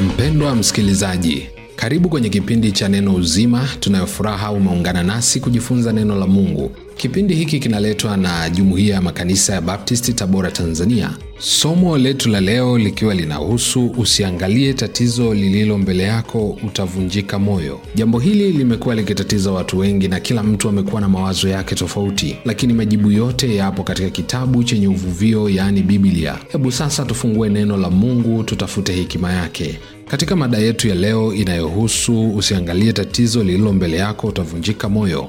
Mpendwa msikilizaji, karibu kwenye kipindi cha Neno Uzima. Tunayofuraha umeungana nasi kujifunza neno la Mungu. Kipindi hiki kinaletwa na Jumuiya ya Makanisa ya Baptisti Tabora, Tanzania. Somo letu la leo likiwa linahusu usiangalie tatizo lililo mbele yako, utavunjika moyo. Jambo hili limekuwa likitatiza watu wengi na kila mtu amekuwa na mawazo yake tofauti, lakini majibu yote yapo katika kitabu chenye uvuvio, yaani Biblia. Hebu sasa tufungue neno la Mungu, tutafute hekima yake katika mada yetu ya leo inayohusu usiangalie tatizo lililo mbele yako, utavunjika moyo.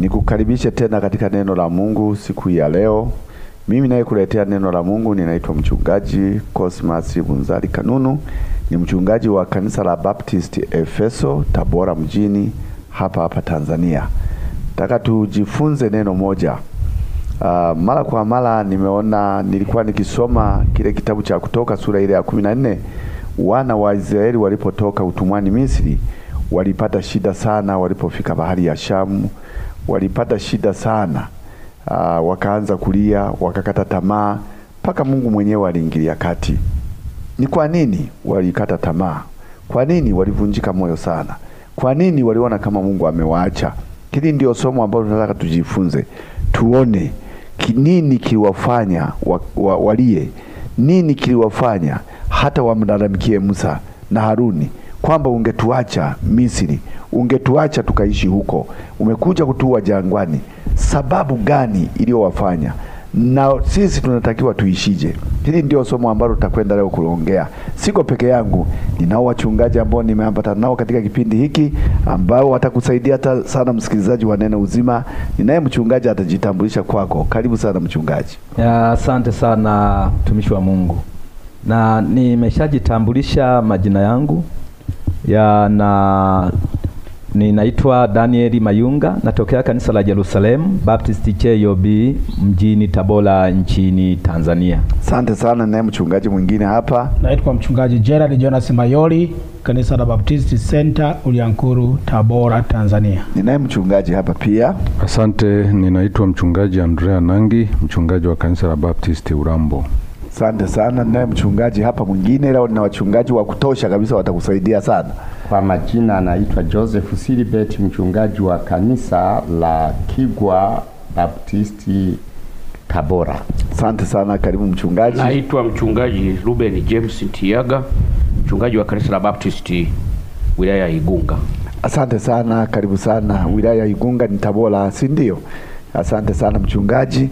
Nikukaribishe tena katika neno la Mungu siku ya leo. Mimi kuletea neno la Mungu ninaitwa mchungaji Cosmas Bunzali Kanunu, ni mchungaji wa kanisa la Baptist Efeso Tabora mjini hapa hapa Tanzania. Nataka tujifunze neno moja. Uh, mara kwa mara nimeona nilikuwa nikisoma kile kitabu cha Kutoka sura ile ya kumi na nne. Wana wa Israeli walipotoka utumwani Misri walipata shida sana walipofika bahari ya Shamu walipata shida sana aa, ah, wakaanza kulia, wakakata tamaa mpaka Mungu mwenyewe aliingilia kati. Ni kwa nini walikata tamaa? Kwa nini walivunjika moyo sana? Kwa nini waliona kama Mungu amewaacha? Hili ndio somo ambalo tunataka tujifunze, tuone nini kiliwafanya wa, wa, walie, nini kiliwafanya hata wamlalamikie Musa na Haruni kwamba ungetuacha Misri, ungetuacha tukaishi huko, umekuja kutua jangwani. Sababu gani iliyowafanya na sisi tunatakiwa tuishije? Hili ndio somo ambalo tutakwenda leo kulongea. Siko peke yangu, ninao wachungaji ambao nimeambata nao katika kipindi hiki ambao watakusaidia sana, msikilizaji wa Neno Uzima. Ninaye mchungaji atajitambulisha kwako. Karibu sana mchungaji. Asante sana mtumishi wa Mungu, na nimeshajitambulisha majina yangu ya na ninaitwa Daniel Mayunga, natokea kanisa la Jerusalem Baptist chob mjini Tabora nchini Tanzania. Asante sana. Naye mchungaji mwingine hapa, naitwa mchungaji Gerald Jonas Mayoli, kanisa la Baptist Center Uliankuru, Tabora, Tanzania. Ninaye mchungaji hapa pia. Asante. Ninaitwa mchungaji Andrea Nangi, mchungaji wa kanisa la Baptist Urambo. Asante sana. Naye mchungaji hapa mwingine, leo na wachungaji wa kutosha kabisa, watakusaidia sana. Kwa majina anaitwa Joseph Silibet, mchungaji wa kanisa la Kigwa Baptisti Tabora. Asante sana, karibu mchungaji. Naitwa mchungaji Ruben James Tiaga, mchungaji wa kanisa la Baptisti wilaya ya Igunga. Asante sana, karibu sana. Wilaya ya Igunga ni Tabora, si ndio? Asante sana mchungaji.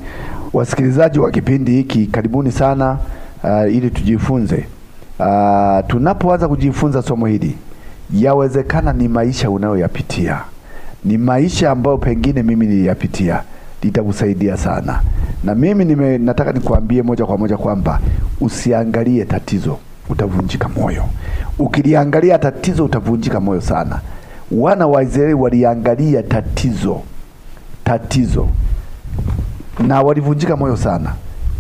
Wasikilizaji wa kipindi hiki, karibuni sana uh, ili tujifunze uh, tunapoanza kujifunza somo hili, yawezekana ni maisha unayoyapitia, ni maisha ambayo pengine mimi niliyapitia, litakusaidia sana. Na mimi nime, nataka nikuambie moja kwa moja kwamba usiangalie tatizo, utavunjika moyo. Ukiliangalia tatizo, utavunjika moyo sana. Wana wa Israeli waliangalia tatizo, tatizo na walivunjika moyo sana.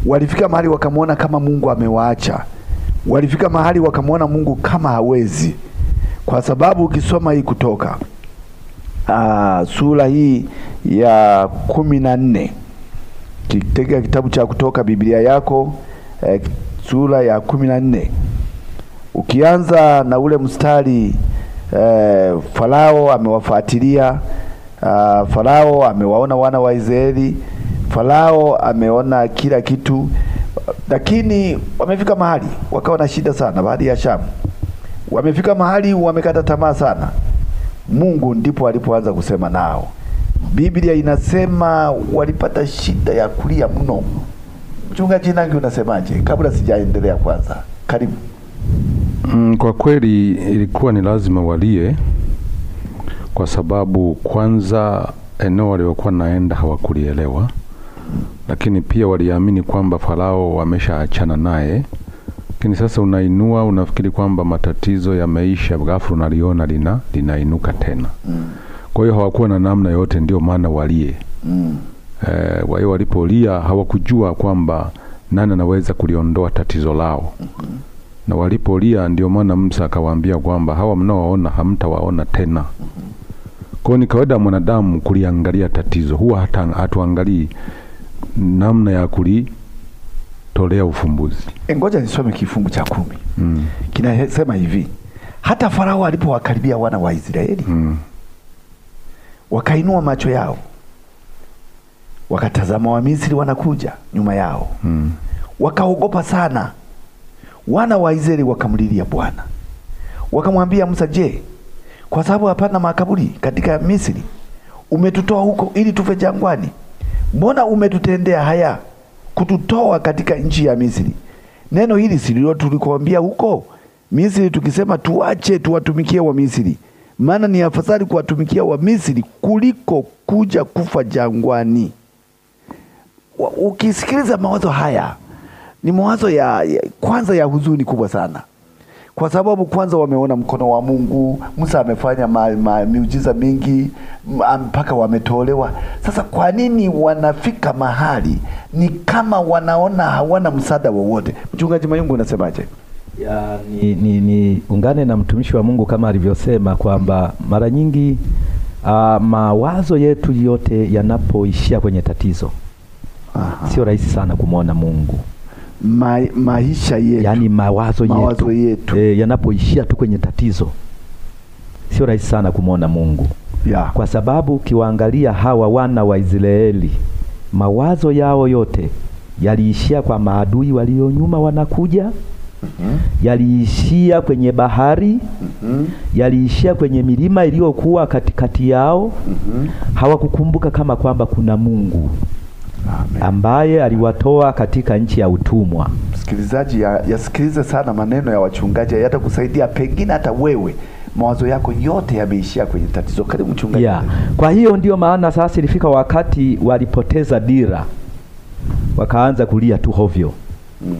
Walifika mahali wakamwona kama Mungu amewaacha, walifika mahali wakamwona Mungu kama hawezi, kwa sababu ukisoma hii Kutoka aa, ah, sura hii ya kumi na nne kitega kitabu cha Kutoka Biblia yako e, sura ya kumi na nne ukianza na ule mstari e, Farao amewafuatilia Uh, Farao amewaona wana wa Israeli Farao ameona kila kitu, lakini wamefika mahali wakawa na shida sana. Baada ya Shamu wamefika mahali wamekata tamaa sana. Mungu ndipo alipoanza kusema nao. Biblia inasema walipata shida ya kulia mno. Mchungaji Nangi, unasemaje? Kabla sijaendelea, kwanza karibu. Mm, kwa kweli ilikuwa ni lazima walie, kwa sababu kwanza eneo waliokuwa naenda hawakulielewa lakini pia waliamini kwamba Farao wameshaachana naye. Lakini sasa unainua, unafikiri kwamba matatizo yameisha, ghafla unaliona lina linainuka tena mm. Kwa hiyo hawakuwa na namna yote, ndio maana walie mm. E, kwa hiyo walipolia hawakujua kwamba nani anaweza kuliondoa tatizo lao mm -hmm. Na walipolia ndio maana Musa akawaambia kwamba hawa mnaowaona hamtawaona tena mm -hmm. Kwa hiyo ni kawaida mwanadamu kuliangalia tatizo, huwa hata hatuangalii namna ya kulitolea ufumbuzi. Eh, ngoja nisome kifungu cha kumi mm. kinasema hivi, hata Farao alipowakaribia wana wa Israeli mm. wakainua macho yao wakatazama Wamisri wanakuja nyuma yao mm. wakaogopa sana. Wana wa Israeli wakamlilia Bwana wakamwambia Musa, je, kwa sababu hapana makaburi katika Misri umetutoa huko ili tufe jangwani? mbona umetutendea haya kututoa katika nchi ya Misri? Neno hili sililo tulikwambia huko Misri, tukisema tuache tuwatumikie wa Misri, maana ni afadhali kuwatumikia wa Misri kuliko kuja kufa jangwani. Ukisikiliza mawazo haya, ni mawazo ya, ya kwanza ya huzuni kubwa sana kwa sababu kwanza wameona mkono wa Mungu. Musa amefanya ma, ma, miujiza mingi mpaka wametolewa. Sasa kwa nini wanafika mahali ni kama wanaona hawana msaada wowote? Mchungaji Mayungu, unasemaje? Ya, ni, ni, ni ungane na mtumishi wa Mungu kama alivyosema kwamba mara nyingi uh, mawazo yetu yote yanapoishia kwenye tatizo, Aha. Sio rahisi sana kumwona Mungu ma, maisha yetu, yani mawazo, mawazo yetu, yetu. Eh, e, yanapoishia tu kwenye tatizo, sio rahisi sana kumwona Mungu yeah. Kwa sababu ukiwaangalia hawa wana wa Israeli mawazo yao yote yaliishia kwa maadui walio nyuma wanakuja mm -hmm. Yaliishia kwenye bahari mm -hmm. Yaliishia kwenye milima iliyokuwa katikati yao mm -hmm. Hawakukumbuka kama kwamba kuna Mungu Amen. ambaye aliwatoa katika nchi ya utumwa. Msikilizaji, yasikilize ya sana maneno ya wachungaji, yatakusaidia pengine hata wewe mawazo yako yote yameishia kwenye tatizo. Karibu mchungaji. Yeah. Kwa hiyo ndio maana sasa ilifika wakati walipoteza dira, wakaanza kulia tu hovyo. mm.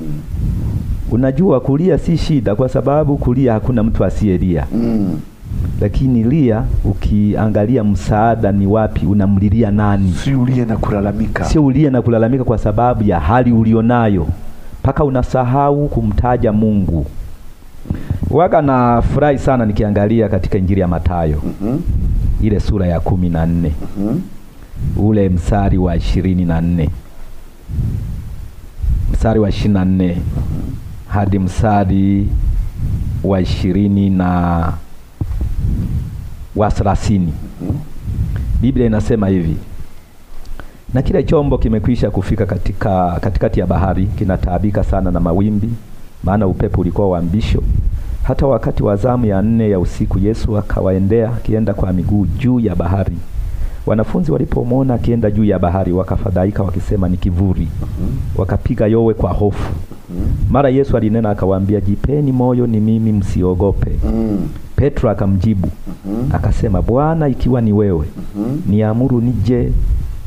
Unajua, kulia si shida, kwa sababu kulia hakuna mtu asiyelia. mm lakini lia, ukiangalia msaada ni wapi, unamlilia nani? Si ulie na kulalamika, si ulie na kulalamika kwa sababu ya hali ulionayo, mpaka unasahau kumtaja Mungu. Waga na furahi sana nikiangalia katika Injili ya Mathayo mm -hmm. ile sura ya kumi na nne mm -hmm. ule msari wa ishirini na nne msari wa ishirini na nne mm -hmm. hadi msari wa ishirini na wa thelathini. Biblia inasema hivi, na kile chombo kimekwisha kufika katika katikati ya bahari, kinataabika sana na mawimbi, maana upepo ulikuwa wa mbisho. Hata wakati wa zamu ya nne ya usiku, Yesu akawaendea akienda kwa miguu juu ya bahari. Wanafunzi walipomwona akienda juu ya bahari, wakafadhaika wakisema, ni kivuri Wakapiga yowe kwa hofu. Mara Yesu alinena akawaambia, jipeni moyo, ni mimi, msiogope. Petro akamjibu mm -hmm. akasema, Bwana, ikiwa ni wewe mm -hmm. niamuru nije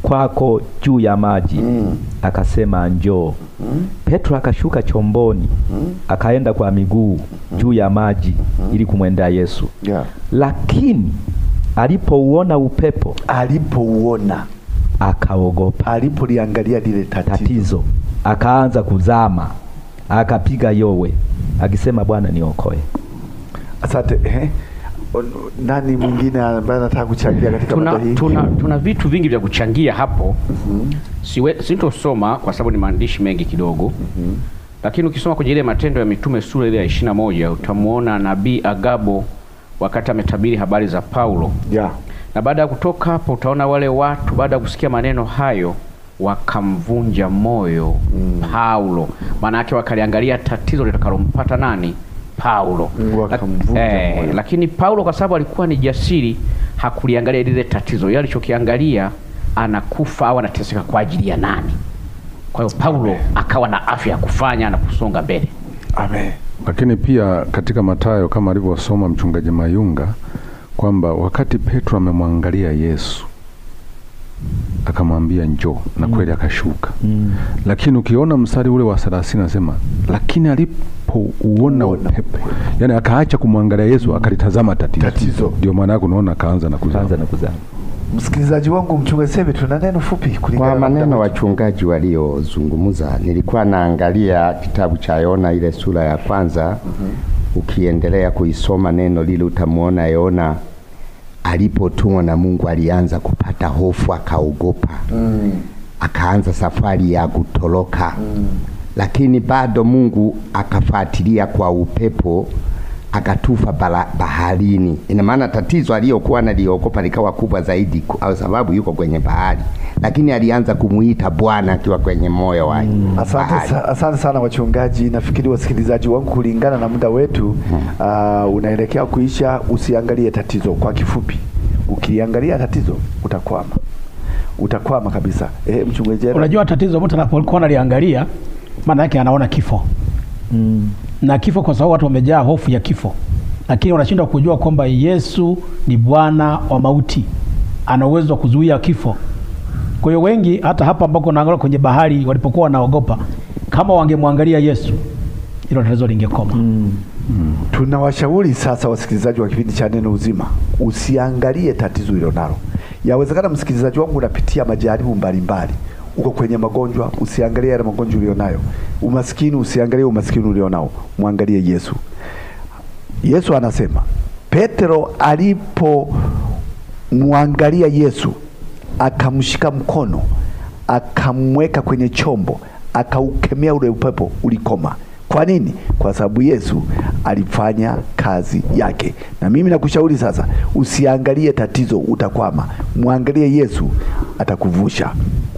kwako juu ya maji mm. Akasema njoo. mm. Petro akashuka chomboni mm. akaenda kwa miguu mm. juu ya maji mm. ili kumwendea Yesu yeah. Lakini alipouona upepo, alipouona akaogopa, alipoliangalia lile tatizo, tatizo akaanza kuzama, akapiga yowe akisema, Bwana niokoe. Asante. Eh, nani mwingine ambaye anataka kuchangia katika tuna, hii? Tuna, tuna vitu vingi vya kuchangia hapo mm -hmm. Sintosoma kwa sababu ni maandishi mengi kidogo mm -hmm. Lakini ukisoma kwenye ile Matendo ya Mitume sura ile ya ishirini na moja utamwona nabii Agabo wakati ametabiri habari za Paulo yeah. Na baada ya kutoka hapo utaona wale watu baada ya kusikia maneno hayo wakamvunja moyo mm. Paulo, maana yake wakaliangalia tatizo litakalompata nani Paulo Laki, eh, lakini Paulo kwa sababu alikuwa ni jasiri hakuliangalia lile tatizo, yeye alichokiangalia anakufa au anateseka kwa ajili ya nani? Kwa hiyo Paulo akawa na afya ya kufanya na kusonga mbele. Amen. Lakini pia katika Mathayo kama alivyosoma mchungaji Mayunga kwamba wakati Petro amemwangalia Yesu akamwambia njoo, na mm. kweli akashuka. Mm. Lakini ukiona mstari ule wa 30 nasema lakini alipo anapouona upepo, yani akaacha kumwangalia Yesu mm. akalitazama tatizo. Tatizo ndio maana yake unaona akaanza na kuzama, na kuzama. Msikilizaji wangu Mchungaji Sebe, tuna neno fupi kulingana kwa maneno wachungaji waliozungumza. Nilikuwa naangalia kitabu cha Yona ile sura ya kwanza mm -hmm. Ukiendelea kuisoma neno lile utamwona Yona alipotumwa na Mungu alianza kupata hofu akaogopa, mm. Akaanza safari ya kutoroka mm lakini bado Mungu akafuatilia kwa upepo akatufa bala, baharini. Ina maana tatizo aliyokuwa naliogopa likawa kubwa zaidi, kwa sababu yuko kwenye bahari, lakini alianza kumuita Bwana akiwa kwenye moyo wake. Mm. Asante, asante sana wachungaji. Nafikiri wasikilizaji wangu, kulingana na muda wetu hmm, uh, unaelekea kuisha. Usiangalie tatizo kwa kifupi, ukiangalia tatizo utakwama, utakwama kabisa. Eh, mchungaji, unajua tatizo mtu anapokuwa analiangalia maana yake anaona kifo mm. na kifo, kwa sababu watu wamejaa hofu ya kifo, lakini wanashindwa kujua kwamba Yesu ni Bwana wa mauti, ana uwezo wa kuzuia kifo. Kwa hiyo wengi hata hapa ambako naangalia kwenye bahari, walipokuwa wanaogopa, kama wangemwangalia Yesu hilo tatizo lingekoma. mm. Hmm. Tunawashauri sasa wasikilizaji wa kipindi cha Neno Uzima, usiangalie tatizo hilo nalo. Yawezekana msikilizaji wangu unapitia majaribu mbalimbali mbali uko kwenye magonjwa, usiangalie yale magonjwa ulionayo. Umaskini, usiangalie umaskini ulionao, mwangalie Yesu. Yesu anasema Petero alipomwangalia Yesu akamshika mkono akamweka kwenye chombo akaukemea ule upepo, ulikoma. Kwa nini? Kwa sababu Yesu alifanya kazi yake. Na mimi nakushauri sasa, usiangalie tatizo, utakwama. Mwangalie Yesu, atakuvusha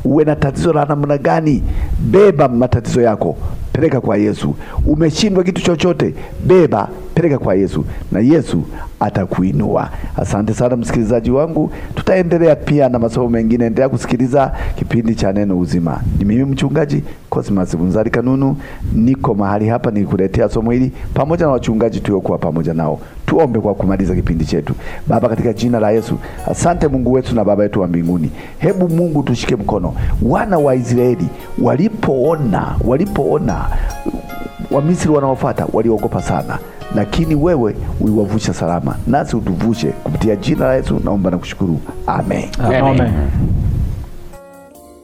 uwe na tatizo la namna gani, beba matatizo yako, peleka kwa Yesu. Umeshindwa kitu chochote, beba peleka kwa Yesu na Yesu atakuinua. Asante sana msikilizaji wangu, tutaendelea pia na masomo mengine. Endelea kusikiliza kipindi cha Neno Uzima. Ni mimi mchungaji Cosmas Bunzari Kanunu, niko mahali hapa nikuletea somo hili pamoja na wachungaji tuliokuwa pamoja nao. Tuombe kwa kumaliza kipindi chetu. Baba, katika jina la Yesu, asante Mungu wetu na Baba yetu wa mbinguni, hebu Mungu tushike mkono. Wana wa Israeli walipoona walipoona Wamisri wanaofuata waliogopa sana, lakini wewe uiwavusha salama, nasi utuvushe kupitia jina la Yesu. Naomba na kushukuru amen, amen. amen.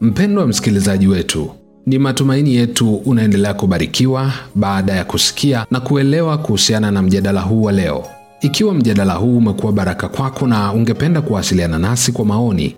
Mpendwa msikilizaji wetu, ni matumaini yetu unaendelea kubarikiwa baada ya kusikia na kuelewa kuhusiana na mjadala huu wa leo. Ikiwa mjadala huu umekuwa baraka kwako na ungependa kuwasiliana nasi kwa maoni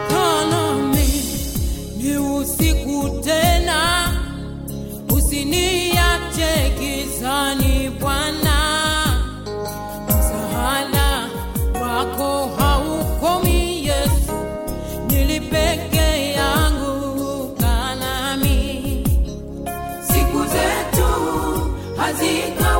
quase